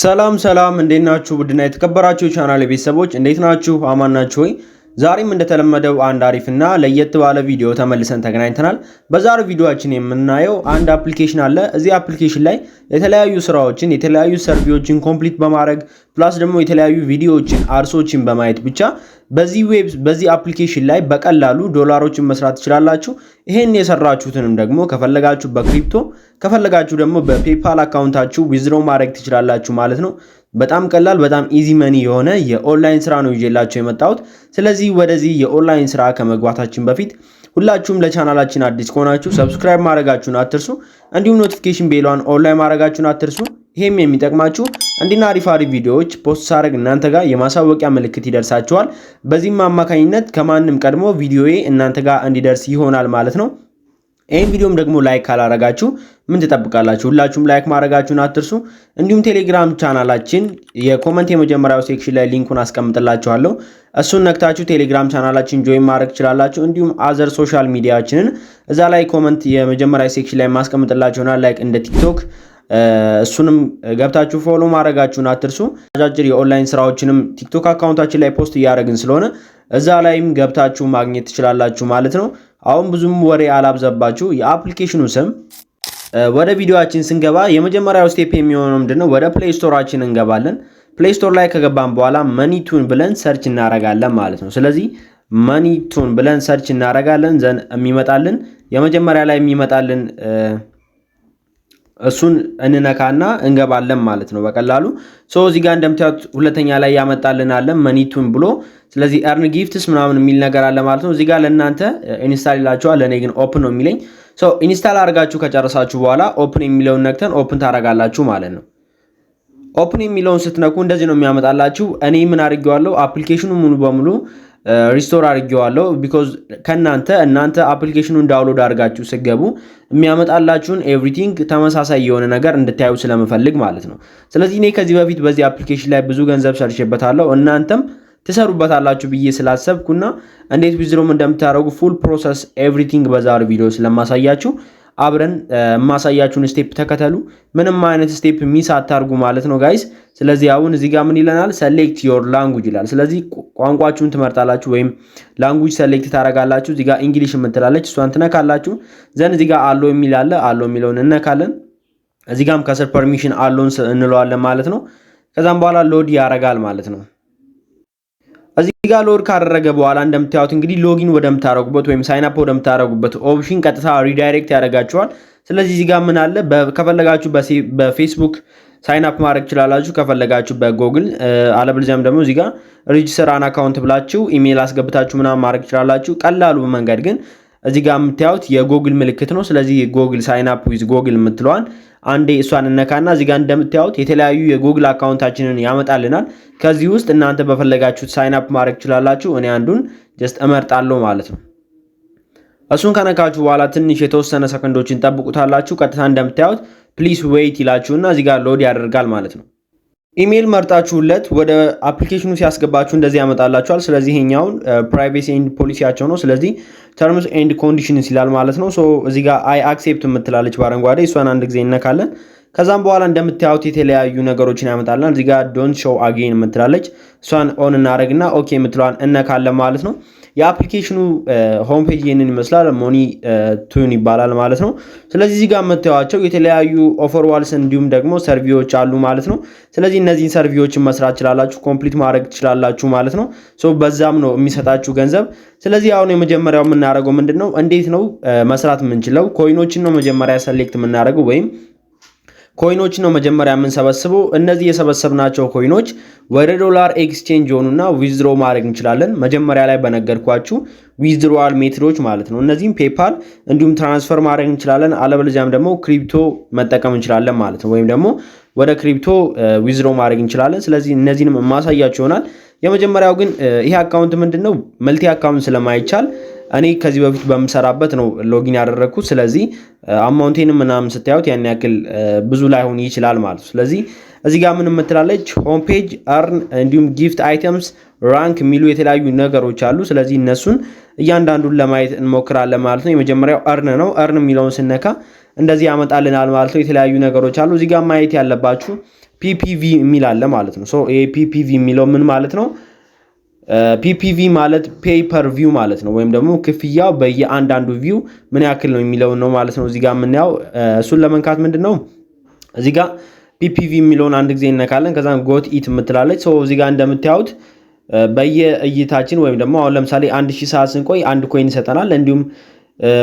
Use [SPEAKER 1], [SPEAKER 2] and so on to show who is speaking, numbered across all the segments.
[SPEAKER 1] ሰላም ሰላም፣ እንዴት ናችሁ? ቡድና የተከበራችሁ ቻናል ቤተሰቦች እንዴት ናችሁ? አማን ናችሁ ወይ? ዛሬም እንደተለመደው አንድ አሪፍና ለየት ባለ ቪዲዮ ተመልሰን ተገናኝተናል። በዛሬው ቪዲዮአችን የምናየው አንድ አፕሊኬሽን አለ። እዚህ አፕሊኬሽን ላይ የተለያዩ ስራዎችን፣ የተለያዩ ሰርቪዎችን ኮምፕሊት በማድረግ ፕላስ ደግሞ የተለያዩ ቪዲዮዎችን፣ አርሶችን በማየት ብቻ በዚህ ዌብ በዚህ አፕሊኬሽን ላይ በቀላሉ ዶላሮችን መስራት ትችላላችሁ። ይሄን የሰራችሁትንም ደግሞ ከፈለጋችሁ በክሪፕቶ ከፈለጋችሁ ደግሞ በፔፓል አካውንታችሁ ዊዝሮ ማድረግ ትችላላችሁ ማለት ነው። በጣም ቀላል በጣም ኢዚ መኒ የሆነ የኦንላይን ስራ ነው ይዤላቸው የመጣሁት። ስለዚህ ወደዚህ የኦንላይን ስራ ከመግባታችን በፊት ሁላችሁም ለቻናላችን አዲስ ከሆናችሁ ሰብስክራይብ ማድረጋችሁን አትርሱ። እንዲሁም ኖቲፊኬሽን ቤሏን ኦንላይን ማድረጋችሁን አትርሱ። ይሄም የሚጠቅማችሁ እንዲና አሪፍ አሪፍ ቪዲዮዎች ፖስት ሳደርግ እናንተ ጋር የማሳወቂያ ምልክት ይደርሳችኋል። በዚህም አማካኝነት ከማንም ቀድሞ ቪዲዮዬ እናንተ ጋር እንዲደርስ ይሆናል ማለት ነው። ይህን ቪዲዮም ደግሞ ላይክ ካላረጋችሁ ምን ትጠብቃላችሁ? ሁላችሁም ላይክ ማድረጋችሁን አትርሱ። እንዲሁም ቴሌግራም ቻናላችን የኮመንት የመጀመሪያው ሴክሽን ላይ ሊንኩን አስቀምጥላችኋለሁ። እሱን ነክታችሁ ቴሌግራም ቻናላችን ጆይን ማድረግ ትችላላችሁ። እንዲሁም አዘር ሶሻል ሚዲያችንን እዛ ላይ ኮመንት የመጀመሪያ ሴክሽን ላይ ማስቀምጥላችሁና ላይክ እንደ ቲክቶክ እሱንም ገብታችሁ ፎሎ ማድረጋችሁን አትርሱ። አጫጭር የኦንላይን ስራዎችንም ቲክቶክ አካውንታችን ላይ ፖስት እያደረግን ስለሆነ እዛ ላይም ገብታችሁ ማግኘት ትችላላችሁ ማለት ነው። አሁን ብዙም ወሬ አላብዛባችሁ። የአፕሊኬሽኑ ስም ወደ ቪዲዮአችን ስንገባ የመጀመሪያው ስቴፕ የሚሆነው ምንድነው? ወደ ፕሌይ ስቶራችን እንገባለን። ፕሌይ ስቶር ላይ ከገባን በኋላ መኒቱን ብለን ሰርች እናረጋለን ማለት ነው። ስለዚህ መኒቱን ብለን ሰርች እናረጋለን። ዘን የሚመጣልን የመጀመሪያ ላይ የሚመጣልን እሱን እንነካና እንገባለን ማለት ነው በቀላሉ ሰው እዚህ ጋር እንደምታዩት ሁለተኛ ላይ ያመጣልን አለ መኒቱን ብሎ ስለዚህ ኤርን ጊፍትስ ምናምን የሚል ነገር አለ ማለት ነው እዚህ ጋር ለእናንተ ኢንስታል ይላችኋል ለእኔ ግን ኦፕን ነው የሚለኝ ሰው ኢንስታል አድርጋችሁ ከጨረሳችሁ በኋላ ኦፕን የሚለውን ነክተን ኦፕን ታደርጋላችሁ ማለት ነው ኦፕን የሚለውን ስትነኩ እንደዚህ ነው የሚያመጣላችሁ እኔ ምን አድርጌዋለሁ አፕሊኬሽኑ ሙሉ በሙሉ ሪስቶር uh, አድርጌዋለሁ። ቢኮዝ ከእናንተ እናንተ አፕሊኬሽኑን ዳውንሎድ አድርጋችሁ ስገቡ የሚያመጣላችሁን ኤቭሪቲንግ ተመሳሳይ የሆነ ነገር እንድታዩ ስለምፈልግ ማለት ነው። ስለዚህ እኔ ከዚህ በፊት በዚህ አፕሊኬሽን ላይ ብዙ ገንዘብ ሰርቼበታለሁ እናንተም ትሰሩበታላችሁ ብዬ ስላሰብኩና እንዴት ዊዝሮም እንደምታደረጉ ፉል ፕሮሰስ ኤቭሪቲንግ በዛር ቪዲዮ ስለማሳያችሁ አብረን የማሳያችሁን ስቴፕ ተከተሉ። ምንም አይነት ስቴፕ ሚስ አታርጉ ማለት ነው ጋይስ። ስለዚህ አሁን እዚህ ጋር ምን ይለናል? ሰሌክት ዮር ላንጉጅ ይላል። ስለዚህ ቋንቋችሁን ትመርጣላችሁ ወይም ላንጉጅ ሰሌክት ታረጋላችሁ። እዚህ ጋር እንግሊሽ የምትላለች እሷን ትነካላችሁ። ዘን እዚህ ጋር አሎ የሚል አለ። አሎ የሚለውን እነካለን። እዚህ ጋርም ከስር ፐርሚሽን አሎን እንለዋለን ማለት ነው። ከዛም በኋላ ሎድ ያደርጋል ማለት ነው። እዚህ ጋር ሎድ ካደረገ በኋላ እንደምታዩት እንግዲህ ሎጊን ወደምታረጉበት ወይም ሳይን አፕ ወደምታረጉበት ኦፕሽን ቀጥታ ሪዳይሬክት ያደርጋችኋል። ስለዚህ እዚህ ጋር ምን አለ ከፈለጋችሁ በፌስቡክ ሳይን አፕ ማድረግ ትችላላችሁ፣ ከፈለጋችሁ በጎግል አለብልዚያም ደግሞ እዚህ ጋር ሬጅስተር አን አካውንት ብላችሁ ኢሜይል አስገብታችሁ ምናምን ማድረግ ትችላላችሁ። ቀላሉ መንገድ ግን እዚህ ጋር የምታዩት የጎግል ምልክት ነው። ስለዚህ ጎግል ሳይን አፕ ዊዝ ጎግል የምትለዋን አንዴ እሷን እነካና እዚህ ጋር እንደምታዩት የተለያዩ የጉግል አካውንታችንን ያመጣልናል። ከዚህ ውስጥ እናንተ በፈለጋችሁት ሳይን አፕ ማድረግ ትችላላችሁ። እኔ አንዱን ጀስት እመርጣለሁ ማለት ነው። እሱን ከነካችሁ በኋላ ትንሽ የተወሰነ ሰከንዶችን ጠብቁታላችሁ። ቀጥታ እንደምታዩት ፕሊስ ዌይት ይላችሁና እዚህ ጋር ሎድ ያደርጋል ማለት ነው። ኢሜይል መርጣችሁለት ወደ አፕሊኬሽኑ ሲያስገባችሁ እንደዚህ ያመጣላችኋል። ስለዚህ ይሄኛውን ፕራይቬሲ ኤንድ ፖሊሲያቸው ነው። ስለዚህ ተርምስ ኤንድ ኮንዲሽንስ ይላል ማለት ነው። እዚ ጋር አይ አክሴፕት የምትላለች በአረንጓዴ እሷን አንድ ጊዜ እነካለን። ከዛም በኋላ እንደምታዩት የተለያዩ ነገሮችን ያመጣለን። እዚህ ጋር ዶንት ሾው አጌን የምትላለች እሷን ኦን እናደረግና ኦኬ የምትለዋን እነካለን ማለት ነው። የአፕሊኬሽኑ ሆም ፔጅ ይህንን ይመስላል። ሞኒ ቱን ይባላል ማለት ነው። ስለዚህ እዚህ ጋር የምታዩቸው የተለያዩ ኦፈር ዋልስ እንዲሁም ደግሞ ሰርቪዎች አሉ ማለት ነው። ስለዚህ እነዚህን ሰርቪዎችን መስራት ችላላችሁ፣ ኮምፕሊት ማድረግ ትችላላችሁ ማለት ነው። በዛም ነው የሚሰጣችሁ ገንዘብ። ስለዚህ አሁን የመጀመሪያው የምናደርገው ምንድን ነው? እንዴት ነው መስራት የምንችለው? ኮይኖችን ነው መጀመሪያ ሰሌክት የምናደርገው ወይም ኮይኖች ነው መጀመሪያ የምንሰበስበው። እነዚህ የሰበሰብናቸው ኮይኖች ወደ ዶላር ኤክስቼንጅ የሆኑና ዊዝድሮ ማድረግ እንችላለን። መጀመሪያ ላይ በነገርኳችሁ ዊዝድሮዋል ሜትዶች ማለት ነው። እነዚህም ፔፓል እንዲሁም ትራንስፈር ማድረግ እንችላለን። አለበለዚያም ደግሞ ክሪፕቶ መጠቀም እንችላለን ማለት ነው። ወይም ደግሞ ወደ ክሪፕቶ ዊዝድሮ ማድረግ እንችላለን። ስለዚህ እነዚህንም ማሳያችሁ ይሆናል። የመጀመሪያው ግን ይሄ አካውንት ምንድን ነው? መልቲ አካውንት ስለማይቻል እኔ ከዚህ በፊት በምሰራበት ነው ሎጊን ያደረግኩት። ስለዚህ አማውንቴን ምናምን ስታዩት ያን ያክል ብዙ ላይሆን ይችላል ማለት ነው። ስለዚህ እዚህ ጋር ምን የምትላለች ሆም ፔጅ፣ አርን፣ እንዲሁም ጊፍት አይተምስ፣ ራንክ የሚሉ የተለያዩ ነገሮች አሉ። ስለዚህ እነሱን እያንዳንዱን ለማየት እንሞክራለን ማለት ነው። የመጀመሪያው እርን ነው። እርን የሚለውን ስነካ እንደዚህ ያመጣልናል ማለት ነው። የተለያዩ ነገሮች አሉ። እዚህ ጋር ማየት ያለባችሁ ፒፒቪ የሚል አለ ማለት ነው። ይሄ ፒፒቪ የሚለው ምን ማለት ነው? ፒፒቪ ማለት ፔፐር ቪው ማለት ነው። ወይም ደግሞ ክፍያው በየአንዳንዱ ቪው ምን ያክል ነው የሚለውን ነው ማለት ነው። እዚጋ የምናየው እሱን ለመንካት ምንድን ነው እዚጋ ፒፒቪ የሚለውን አንድ ጊዜ እነካለን። ከዛም ጎት ኢት የምትላለች ሰው እዚጋ እንደምታዩት በየእይታችን ወይም ደግሞ አሁን ለምሳሌ አንድ ሺህ ሰዓት ስንቆይ አንድ ኮይን ይሰጠናል። እንዲሁም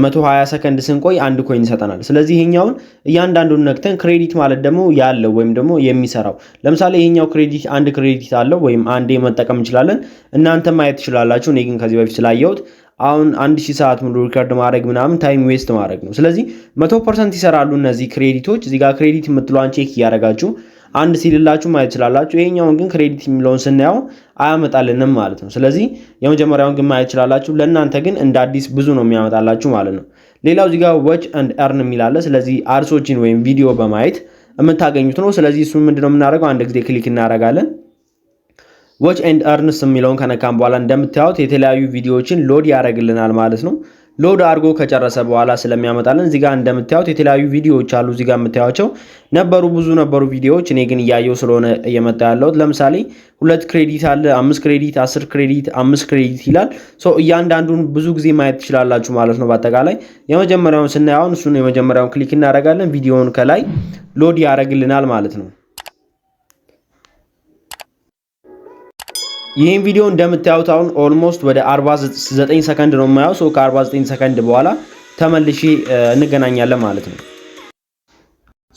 [SPEAKER 1] 120 ሰከንድ ስንቆይ አንድ ኮይን ይሰጠናል። ስለዚህ ይሄኛውን እያንዳንዱን ነክተን ክሬዲት ማለት ደግሞ ያለው ወይም ደግሞ የሚሰራው ለምሳሌ ይሄኛው ክሬዲት አንድ ክሬዲት አለው ወይም አንዴ መጠቀም እንችላለን። እናንተ ማየት ትችላላችሁ። እኔ ግን ከዚህ በፊት ስላየሁት አሁን አንድ ሺህ ሰዓት ሙሉ ሪከርድ ማድረግ ምናምን ታይም ዌስት ማድረግ ነው። ስለዚህ መቶ ፐርሰንት ይሰራሉ እነዚህ ክሬዲቶች። እዚጋ ክሬዲት የምትሏን ቼክ እያደረጋችሁ አንድ ሲልላችሁ ማየት ይችላላችሁ። ይሄኛውን ግን ክሬዲት የሚለውን ስናየው አያመጣልንም ማለት ነው። ስለዚህ የመጀመሪያውን ግን ማየት ይችላላችሁ። ለእናንተ ግን እንደ አዲስ ብዙ ነው የሚያመጣላችሁ ማለት ነው። ሌላው እዚጋ ወች ዎች አንድ ኤርን የሚላለ ስለዚህ አርሶችን ወይም ቪዲዮ በማየት የምታገኙት ነው። ስለዚህ እሱ ምንድነው የምናደርገው? አንድ ጊዜ ክሊክ እናደርጋለን። ዎች ኤንድ ኤርንስ የሚለውን ከነካም በኋላ እንደምታዩት የተለያዩ ቪዲዮዎችን ሎድ ያደርግልናል ማለት ነው። ሎድ አድርጎ ከጨረሰ በኋላ ስለሚያመጣልን እዚጋ እንደምታዩት የተለያዩ ቪዲዮዎች አሉ። እዚጋ የምታዩቸው ነበሩ ብዙ ነበሩ ቪዲዮዎች። እኔ ግን እያየው ስለሆነ እየመጣ ያለሁት ለምሳሌ ሁለት ክሬዲት አለ፣ አምስት ክሬዲት፣ አስር ክሬዲት፣ አምስት ክሬዲት ይላል። እያንዳንዱን ብዙ ጊዜ ማየት ትችላላችሁ ማለት ነው። በአጠቃላይ የመጀመሪያውን ስናየውን እሱን የመጀመሪያውን ክሊክ እናደርጋለን። ቪዲዮውን ከላይ ሎድ ያደርግልናል ማለት ነው። ይህን ቪዲዮ እንደምታዩት አሁን ኦልሞስት ወደ 49 ሰከንድ ነው የማየው። ሰው ከ49 ሰከንድ በኋላ ተመልሼ እንገናኛለን ማለት ነው።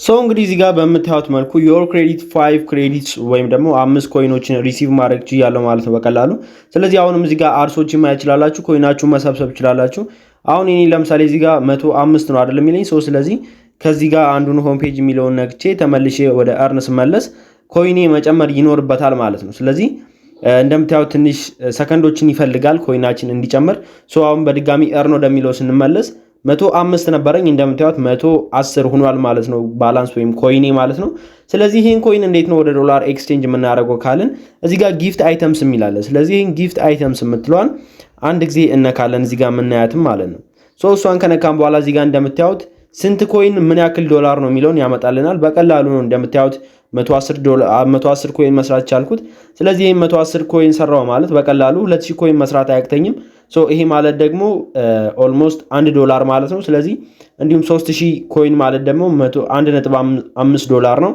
[SPEAKER 1] ሶ እንግዲህ እዚህ ጋር በምታዩት መልኩ ዮር ክሬዲት ፋይቭ ክሬዲትስ ወይም ደግሞ አምስት ኮይኖችን ሪሲቭ ማድረግ ችያለሁ ማለት ነው በቀላሉ። ስለዚህ አሁንም እዚህ ጋር አርሶችን ማየት ይችላላችሁ፣ ኮይናችሁን መሰብሰብ ይችላላችሁ። አሁን እኔ ለምሳሌ እዚህ ጋር መቶ አምስት ነው አይደለም የሚለኝ ሰው። ስለዚህ ከዚህ ጋር አንዱን ሆም ፔጅ የሚለውን ነግቼ ተመልሼ ወደ እርን ስመለስ ኮይኔ መጨመር ይኖርበታል ማለት ነው። ስለዚህ እንደምታየው ትንሽ ሰከንዶችን ይፈልጋል ኮይናችን እንዲጨምር። ሶ አሁን በድጋሚ ኤርን ወደሚለው ስንመለስ መቶ አምስት ነበረኝ እንደምታዩት መቶ አስር ሆኗል ማለት ነው፣ ባላንስ ወይም ኮይኔ ማለት ነው። ስለዚህ ይህን ኮይን እንዴት ነው ወደ ዶላር ኤክስቼንጅ የምናደርገው ካልን እዚህ ጋር ጊፍት አይተምስ የሚላለ። ስለዚህ ይህን ጊፍት አይተምስ የምትለዋን አንድ ጊዜ እነካለን እዚህ ጋር የምናያትም ማለት ነው። ሶ እሷን ከነካም በኋላ እዚህ ጋር እንደምታዩት ስንት ኮይን ምን ያክል ዶላር ነው የሚለውን ያመጣልናል። በቀላሉ ነው እንደምታዩት 110 ኮይን መስራት ቻልኩት። ስለዚህ ይህም 110 ኮይን ሰራው ማለት በቀላሉ 2000 ኮይን መስራት አያቅተኝም። ይሄ ማለት ደግሞ ኦልሞስት 1 ዶላር ማለት ነው። ስለዚህ እንዲሁም 3000 ኮይን ማለት ደግሞ 1.5 ዶላር ነው።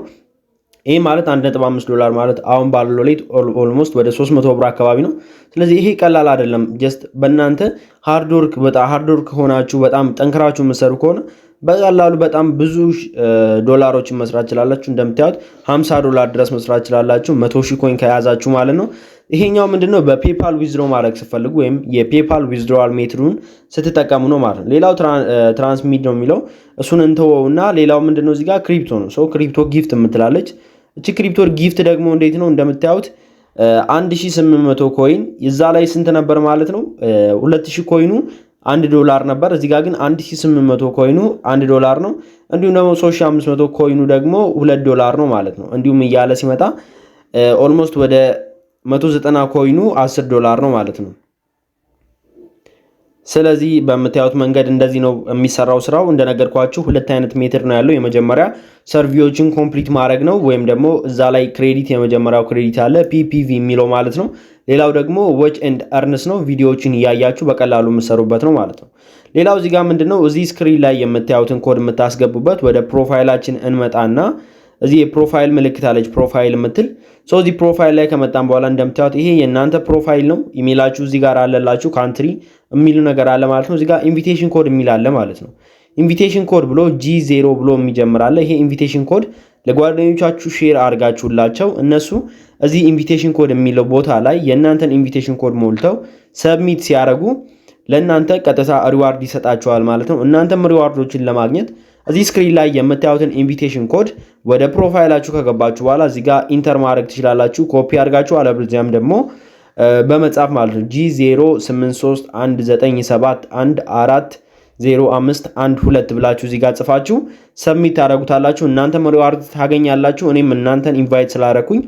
[SPEAKER 1] ይህ ማለት 1.5 ዶላር ማለት አሁን ባለው ሌት ኦልሞስት ወደ 300 ብር አካባቢ ነው። ስለዚህ ይሄ ቀላል አይደለም። ጀስት በእናንተ ሃርድ ወርክ በጣም ሃርድ ወርክ ሆናችሁ በጣም ጠንክራችሁ የምትሰሩ ከሆነ በቀላሉ በጣም ብዙ ዶላሮችን መስራት ችላላችሁ። እንደምታዩት 50 ዶላር ድረስ መስራት ችላላችሁ፣ 100 ሺህ ኮይን ከያዛችሁ ማለት ነው። ይሄኛው ምንድነው በፔፓል ዊዝድሮ ማድረግ ስትፈልጉ ወይም የፔፓል ዊዝድሮዋል ሜትሩን ስትጠቀሙ ነው ማለት ነው። ሌላው ትራንስሚድ ነው የሚለው እሱን እንተወው እና ሌላው ምንድነው ነው? ጋር ክሪፕቶ ነው። ሰው ክሪፕቶ ጊፍት የምትላለች እቺ ክሪፕቶ ጊፍት ደግሞ እንዴት ነው እንደምታዩት 1800 ኮይን እዛ ላይ ስንት ነበር ማለት ነው 2000 ኮይኑ አንድ ዶላር ነበር። እዚህ ጋር ግን 1800 ኮይኑ አንድ ዶላር ነው። እንዲሁም ደግሞ 3500 ኮይኑ ደግሞ 2 ዶላር ነው ማለት ነው። እንዲሁም እያለ ሲመጣ ኦልሞስት ወደ 190 ኮይኑ 10 ዶላር ነው ማለት ነው። ስለዚህ በምታዩት መንገድ እንደዚህ ነው የሚሰራው ስራው። እንደነገርኳችሁ ሁለት አይነት ሜትር ነው ያለው። የመጀመሪያ ሰርቪዎችን ኮምፕሊት ማድረግ ነው፣ ወይም ደግሞ እዛ ላይ ክሬዲት የመጀመሪያው ክሬዲት አለ ፒፒቪ የሚለው ማለት ነው። ሌላው ደግሞ ዎች ኤንድ እርንስ ነው፣ ቪዲዮዎችን እያያችሁ በቀላሉ የምሰሩበት ነው ማለት ነው። ሌላው እዚህ ጋር ምንድነው እዚህ ስክሪን ላይ የምታዩትን ኮድ የምታስገቡበት ወደ ፕሮፋይላችን እንመጣና እዚህ የፕሮፋይል ምልክት አለች ፕሮፋይል የምትል ሰው እዚህ ፕሮፋይል ላይ ከመጣም በኋላ እንደምታዩት ይሄ የእናንተ ፕሮፋይል ነው። ኢሜላችሁ እዚህ ጋር አለላችሁ ካንትሪ የሚሉ ነገር አለ ማለት ነው። እዚህ ጋር ኢንቪቴሽን ኮድ የሚል አለ ማለት ነው። ኢንቪቴሽን ኮድ ብሎ ጂ ዜሮ ብሎ የሚጀምር አለ። ይሄ ኢንቪቴሽን ኮድ ለጓደኞቻችሁ ሼር አድርጋችሁላቸው እነሱ እዚህ ኢንቪቴሽን ኮድ የሚለው ቦታ ላይ የእናንተን ኢንቪቴሽን ኮድ ሞልተው ሰብሚት ሲያደርጉ ለእናንተ ቀጥታ ሪዋርድ ይሰጣችኋል ማለት ነው። እናንተም ሪዋርዶችን ለማግኘት እዚህ ስክሪን ላይ የምታዩትን ኢንቪቴሽን ኮድ ወደ ፕሮፋይላችሁ ከገባችሁ በኋላ እዚህ ጋር ኢንተር ማድረግ ትችላላችሁ። ኮፒ አድርጋችሁ አለብዚያም ደግሞ በመጻፍ ማለት ነው G08319714 ብላችሁ እዚህ ጋር ጽፋችሁ ሰብሚት ታደረጉታላችሁ። እናንተ ሪዋርድ ታገኛላችሁ። እኔም እናንተን ኢንቫይት ስላደረኩኝ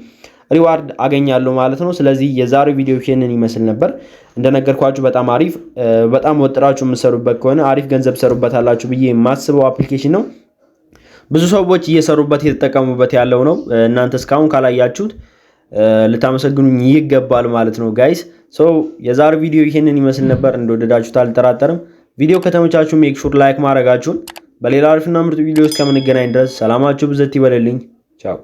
[SPEAKER 1] ሪዋርድ አገኛለሁ ማለት ነው። ስለዚህ የዛሬው ቪዲዮ ይሄንን ይመስል ነበር። እንደነገርኳችሁ በጣም አሪፍ በጣም ወጥራችሁ የምሰሩበት ከሆነ አሪፍ ገንዘብ ሰሩበታላችሁ ብዬ የማስበው አፕሊኬሽን ነው። ብዙ ሰዎች እየሰሩበት እየተጠቀሙበት ያለው ነው። እናንተ እስካሁን ካላያችሁት ልታመሰግኑኝ ይገባል ማለት ነው ጋይስ። ሰው የዛሬው ቪዲዮ ይሄንን ይመስል ነበር። እንደወደዳችሁት አልጠራጠርም። ቪዲዮ ከተመቻችሁ ሜክ ሹር ላይክ ማድረጋችሁን። በሌላ አሪፍና ምርጥ ቪዲዮ እስከምንገናኝ ድረስ ሰላማችሁ ብዘት ይበልልኝ። ቻው